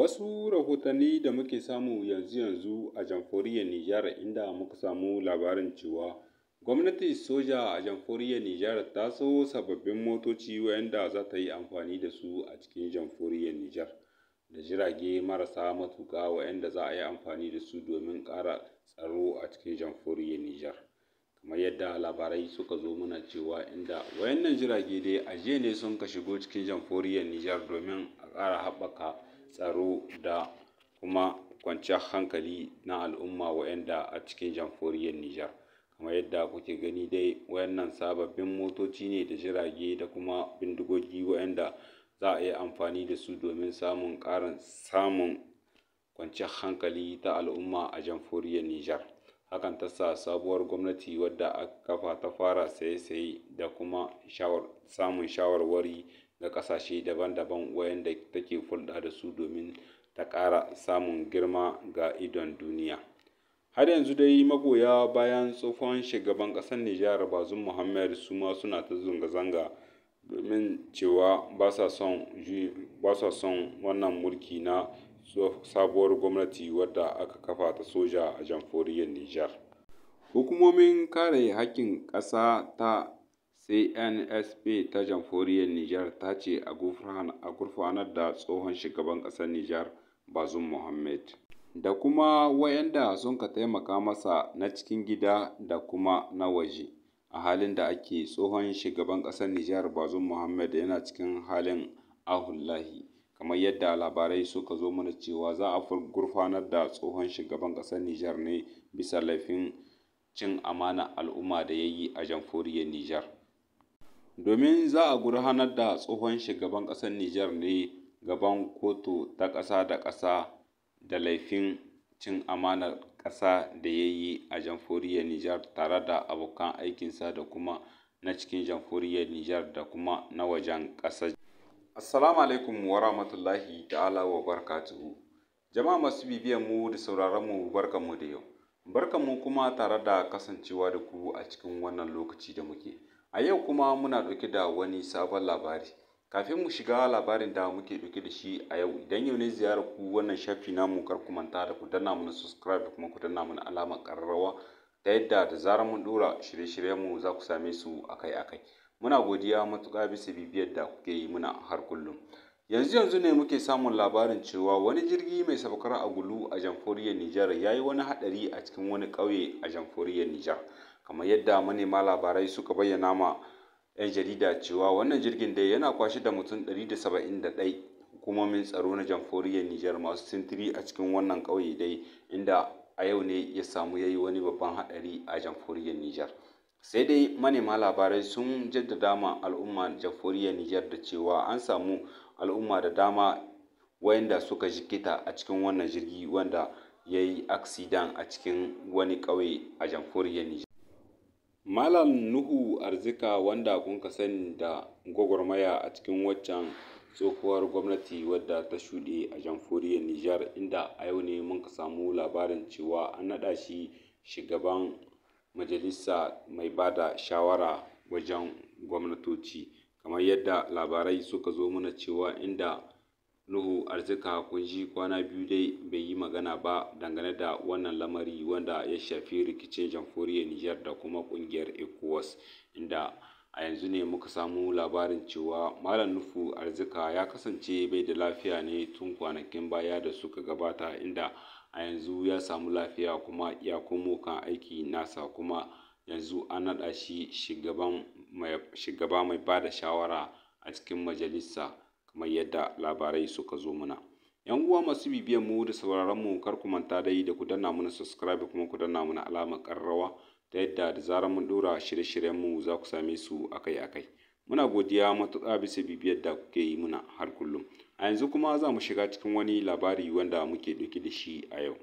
Wasu rahotanni da muke samu yanzu-yanzu a jamhuriyar Nijar inda muka samu labarin cewa Gwamnati soja a jamhuriyar Nijar ta so sababbin motoci wayanda za ta yi amfani da su a cikin jamhuriyar Nijar da jirage marasa matuƙa wayanda za a yi amfani da su domin ƙara tsaro a cikin jamhuriyar Nijar. Kamar yadda labarai suka zo mana cewa inda wayannan jirage dai a jiya ne sun ka shigo cikin jamhuriyar Nijar domin a ƙara haɓaka tsaro da kuma kwanciyar hankali na al'umma waɗanda a cikin jamhuriyar Nijar. Kamar yadda kuke gani dai wayannan sababbin motoci ne da jirage da kuma bindigogi wayanda za a yi amfani da su domin samun ƙarin samun kwanciyar hankali ta al'umma a jamhuriyar Nijar. Hakan ta sa sabuwar gwamnati wadda aka kafa ta fara saye-saye da kuma samun shawarwari da kasashe daban-daban wayanda take hulɗa da su domin ta ƙara samun girma ga idon duniya. Har yanzu dai magoya bayan tsohon shugaban ƙasar Nijar bazum muhammadu su ma suna ta zanga-zanga domin cewa ba sa son wannan mulki na sabuwar gwamnati wadda aka kafa ta soja a jamhuriyar Nijar. Hukumomin kare haƙƙin ƙasa ta CNSP ta Jamhuriyar Nijar ta ce a gurfanar da tsohon shugaban ƙasar Nijar Bazoum Mohammed da kuma wayanda sun ka taimaka masa na cikin gida da kuma na waje. A halin da ake tsohon shugaban ƙasar Nijar Bazoum Mohammed yana cikin halin ahullahi kamar yadda labarai suka zo mana cewa za a gurfanar da tsohon shugaban ƙasar Nijar ne bisa laifin cin amana al'umma da ya yi a jamhuriyar Nijar. domin za a gurhanar da tsohon shugaban ƙasar Nijar ne gaban kotu ta ƙasa da ƙasa da laifin cin amanar ƙasa da ya yi a jamhuriyar Nijar tare da abokan aikinsa da kuma na cikin jamhuriyar Nijar da kuma na wajen ƙasar. Assalamu alaikum wa rahmatullahi ta'ala wa barakatuhu. Jama'a masu bibiyan mu da sauraron mu barkan mu da yau. Barkan mu kuma tare da kasancewa da ku a cikin wannan lokaci da muke. A yau kuma muna ɗauke da wani sabon labari. Kafin mu shiga labarin da muke ɗauke da shi a yau, idan yau ne ziyarar ku wannan shafi namu kar ku manta da ku danna mana subscribe da kuma ku danna mana alamar ƙararrawa ta yadda da zarar mun ɗora shirye-shiryenmu za ku same su akai-akai. Muna godiya matuƙa bisa bibiyar da kuke yi muna har kullum. Yanzu yanzu ne muke samun labarin cewa wani jirgi mai saukar agulu a jamhuriyar Nijar ya yi wani haɗari a cikin wani ƙauye a jamhuriyar Nijar. kamar yadda manema labarai suka bayyana ma 'yan jarida cewa wannan jirgin dai yana kwashe da mutum 171 hukumomin tsaro na jamhuriyar Nijar masu sintiri a cikin wannan ƙauye dai inda a yau ne ya samu yayi wani babban haɗari a jamhuriyar Nijar. Sai dai manema labarai sun jaddada ma al'umma jamhuriyar Nijar da cewa an samu al'umma da dama wayanda suka jikita a cikin wannan jirgi wanda ya yi aksidan a cikin wani ƙauye a jamhuriyar Nijar. Malam Nuhu Arzika, wanda kuka sani da gwagwarmaya a cikin waccan tsohuwar gwamnati wadda ta shuɗe a jamhuriyar Nijar, inda a yau ne muka samu labarin cewa an naɗa shi shugaban majalisa mai ba da shawara wajen gwamnatoci, kamar yadda labarai suka zo mana cewa inda Nuhu Arzika kun ji kwana biyu dai bai yi magana ba dangane da wannan lamari wanda ya shafi rikicin jamhuriyar Nijar da kuma ƙungiyar ECOWAS, inda a yanzu ne muka samu labarin cewa Malam Nuhu Arzika ya kasance bai da lafiya ne tun kwanakin baya da suka gabata inda a yanzu ya samu lafiya kuma ya komo kan aiki nasa kuma yanzu an naɗa shi shugaba mai ba da shawara a cikin majalisa. kamar yadda labarai suka zo muna yan uwa masu bibiyan mu da sauraron mu kar ku manta da yi da ku danna mana subscribe kuma ku danna mana alamar karrawa ta yadda da zarar mun dora shirye-shiryen mu za ku same su akai-akai muna godiya matuƙa bisa bibiyar da kuke yi muna har kullum a yanzu kuma za mu shiga cikin wani labari wanda muke ɗauke da shi a yau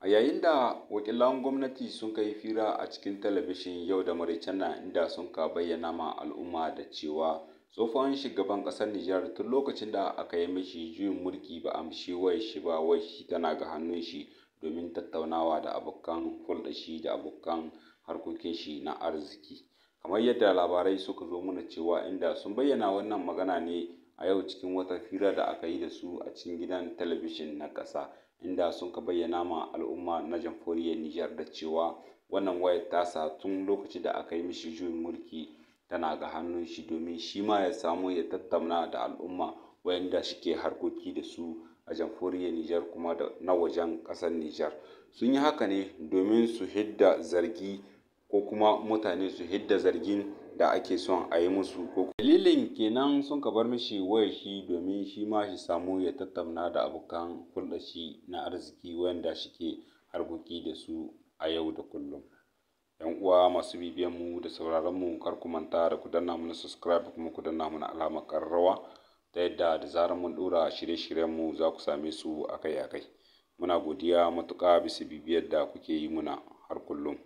a yayin da wakilan gwamnati sun kai fira a cikin talabishin yau da maraicana inda sun ka bayyana ma al'umma da cewa tsohon shugaban ƙasar Nijar tun lokacin da aka yi mishi juyin mulki ba amshi wai shi ba wai shi tana ga hannun shi domin tattaunawa da abokan hulɗa da abokan harkokin shi na arziki kamar yadda labarai suka zo mana cewa inda sun bayyana wannan magana ne a yau cikin wata hira da aka yi da su a cikin gidan talabijin na ƙasa inda sun ka bayyana ma al'umma na jamhuriyar Nijar da cewa wannan wayar tasa tun lokacin da aka yi mishi juyin mulki tana ga hannun shi domin shi ma ya samu ya tattauna da al'umma wayanda suke harkoki da su a jamhuriyar Nijar kuma da na wajen ƙasar Nijar. Sun yi haka ne domin su hidda zargi ko kuma mutane su hidda zargin da ake son a yi musu ko dalilin kenan sun ka bar mishi waya shi domin shi ma shi samu ya tattauna da abokan hulɗa shi na arziki wayanda suke harkoki da su a yau da kullum. yan uwa masu bibiyan mu da sauraron mu kar ku manta da ku danna mana subscribe kuma ku danna mana alamar karrawa ta yadda da zarar mun dora shirye-shiryen mu za ku same su akai-akai muna godiya matuƙa bisa bibiyar da kuke yi muna har kullum